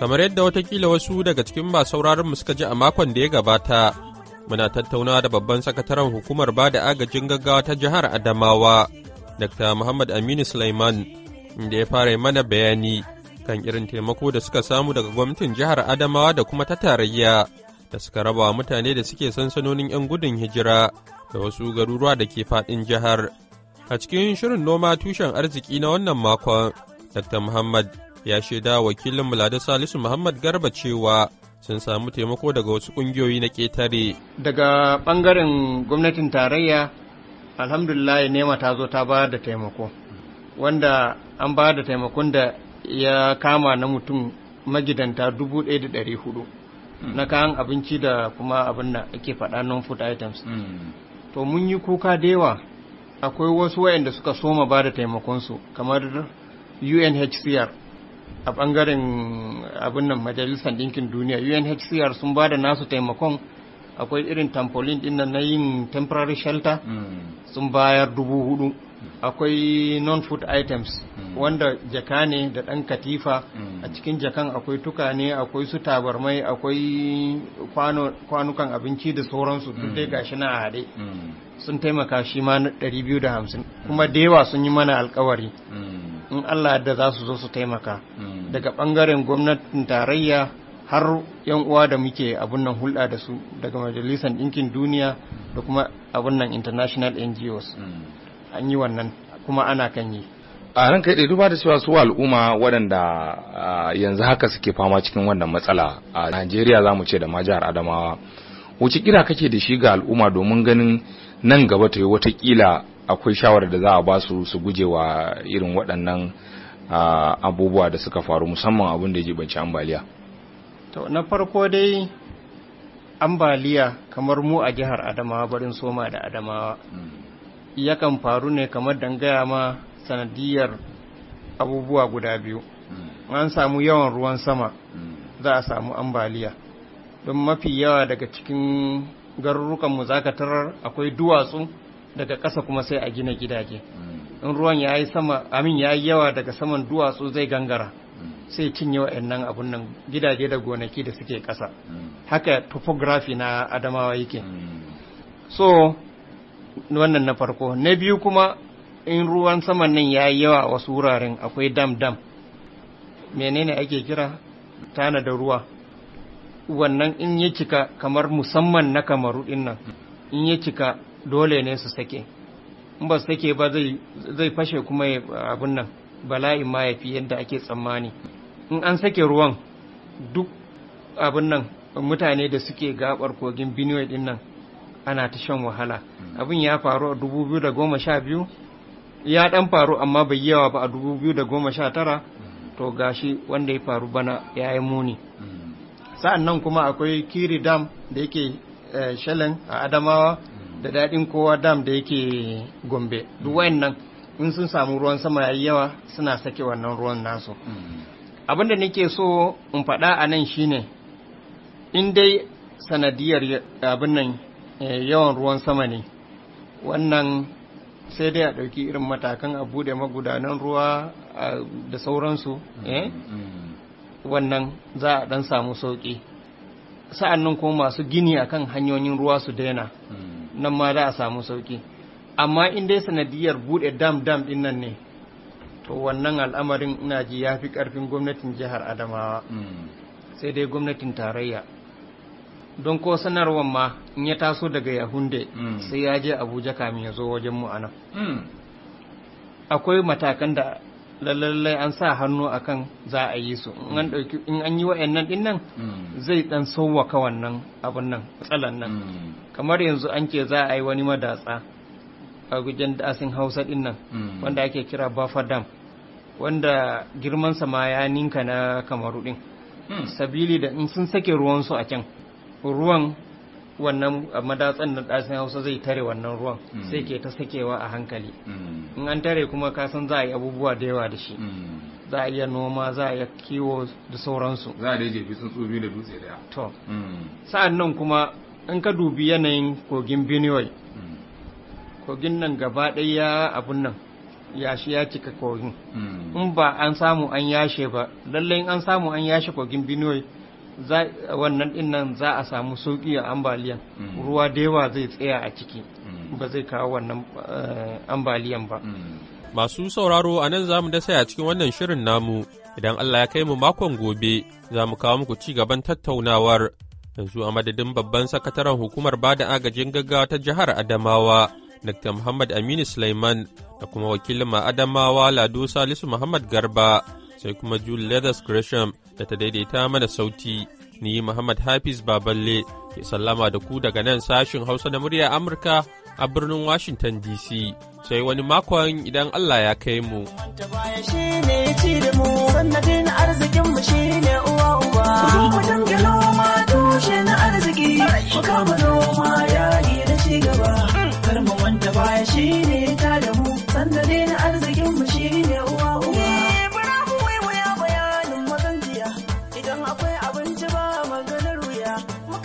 Kamar yadda watakila wasu daga cikin ba sauraron suka ji a makon da ya gabata, muna tattaunawa da babban sakataren hukumar ba da agajin gaggawa ta jihar Adamawa, Dr. Muhammad Aminu Sulaiman, inda ya fara mana bayani kan irin taimako da suka samu daga gwamnatin jihar Adamawa da kuma ta tarayya da suka raba mutane da suke sansanonin 'yan gudun hijira da wasu garuruwa da ke faɗin jihar. A cikin shirin noma tushen arziki na wannan makon, Dr. Muhammad ya shaida wakilin Mulada Salisu Muhammad Garba cewa sun samu taimako daga wasu ƙungiyoyi na ƙetare. Daga ɓangaren gwamnatin tarayya, alhamdulillah nema ta zo ta ba da taimako, wanda an ba da taimakon da ya kama na mutum magidanta dubu ɗaya da ɗari hudu. Hmm. na kayan abinci da kuma abin da ake faɗa non food items hmm. to mun yi kuka da yawa akwai wasu wayanda suka soma ba da taimakonsu kamar unhcr a bangaren abin nan majalisar ɗinkin duniya unhcr sun ba da nasu taimakon akwai irin tampolin ɗin na yin temporary shelter mm. sun bayar dubu hudu mm. akwai non-food items mm. wanda jaka ne da ɗan katifa a cikin jakan akwai tukane akwai su tabarmai akwai kwanukan abinci da sauransu duk dai gashi na a haɗe sun taimaka shi ma na 250 kuma da yawa sun yi mana alkawari in allah da za su zo su taimaka daga ɓangaren gwamnatin tarayya har yan uwa da muke abun nan hulɗa da su daga majalisar ɗinkin duniya da kuma abun nan international ngos mm. an yi wannan kuma ana kan yi a ran kai duba da cewa su al'umma waɗanda yanzu haka suke fama cikin wannan matsala a najeriya za mu ce da ma jihar adamawa wuce kira kake da shi ga al'umma domin ganin nan gaba ta yi watakila akwai shawarar da za a ba su su gujewa irin waɗannan abubuwa da suka faru musamman abin da ya jibanci ambaliya to na farko dai ambaliya kamar mu a jihar adamawa barin soma da adamawa hmm. yakan faru ne kamar dangaya ma sanadiyar abubuwa guda biyu hmm. an samu yawan ruwan sama hmm. za a samu ambaliya don mafi yawa daga cikin garurrukanmu za ka tarar akwai duwatsu daga ƙasa kuma sai a gina gidaje in ruwan ya yi sama amin ya yi yawa daga saman duwatsu zai gangara sai cinye nan abun nan gidaje da gonaki da suke kasa haka topography na adamawa yake so wannan na farko na biyu kuma in ruwan saman nan ya yi yawa wasu wuraren akwai dam dam menene ake kira tana da ruwa wannan in ya cika kamar musamman na kamaru din nan in ya cika dole ne su sake ba su take ba zai fashe kuma abin nan bala'in ma ya fi yadda ake tsammani in an sake ruwan duk abin nan mutane da suke gabar kogin benue din nan ana ta shan wahala hmm. abin ya faru a 2012 ya dan faru amma bai yi yawa ba a 2019 hmm. to gashi wanda ya faru bana ya yi muni hmm. sa'an nan kuma akwai kiri dam da yake eh, shelen a adamawa da daɗin kowa dam da yake gombe duk mm. wayannan in sun samu ruwan sama yayi yawa suna sake wannan ruwan nasu mm. abin da nake so in faɗa a nan shine in dai sanadiyar abin nan eh, yawan ruwan sama ne wannan sai dai a ɗauki irin matakan a bude magudanan ruwa da sauransu mm. Eh? wannan za a ɗan samu sauƙi sa'an nan kuma masu gini akan hanyoyin ruwa su daina nan ma za a samu sauki amma in dai sanadiyar buɗe dam dam ɗin nan ne to wannan al'amarin ina ji ya fi ƙarfin gwamnatin jihar adamawa hmm. sai dai gwamnatin tarayya don ko sanarwar ma in ya taso daga yahunde hmm. sai ya je abuja kamin ya zo wajen mu anan hmm. akwai matakan da lallai an sa hannu akan za a yi su in an yi wa'annan din nan hmm. zai dan sauwaka wannan abin nan tsalan nan hmm. kamar yanzu an ce za a yi wani madatsa a gujen dasin hausa din nan hmm. wanda ake kira buffer dam wanda sa ma ya ninka na kamaru din sabili da in sun sake ruwansu a can ruwan wannan madatsan na ɗasin hausa zai tare wannan ruwan mm. sai ke ta sakewa a hankali mm. in an tare kuma kasan za a yi abubuwa da yawa da shi mm. za a iya noma za a iya kiwo da sauransu za a jefi tsuntsu biyu da dutse daya to sa'an nan kuma in ka dubi yanayin kogin benue kogin nan gaba ɗaya abun nan yashi ya cika kogin in ba an samu an yashe ba lallai an samu an yashe kogin benue wannan dinnan za a samu sauki a ambaliyan mm. ruwa da yawa zai tsaya a ciki mm. ba zai kawo wannan eh, ambaliyan ba mm. masu sauraro a nan za mu da a cikin wannan shirin namu idan Allah ya kai mu makon gobe za mu kawo muku ci gaban tattaunawar yanzu a madadin babban sakataren hukumar bada agajin gaggawa ta jihar Adamawa Dr. Muhammad Aminu Sulaiman da kuma wakilin ma Adamawa Lado Salisu Muhammad Garba sai kuma Julie Leathers Gresham da ta daidaita mana sauti. Ni Muhammad Hafiz Baballe ke sallama da ku daga nan sashin Hausa na murya Amurka a birnin Washington DC. Sai wani makon idan Allah ya kai mu. Sannadin arzikinmu uwa uba.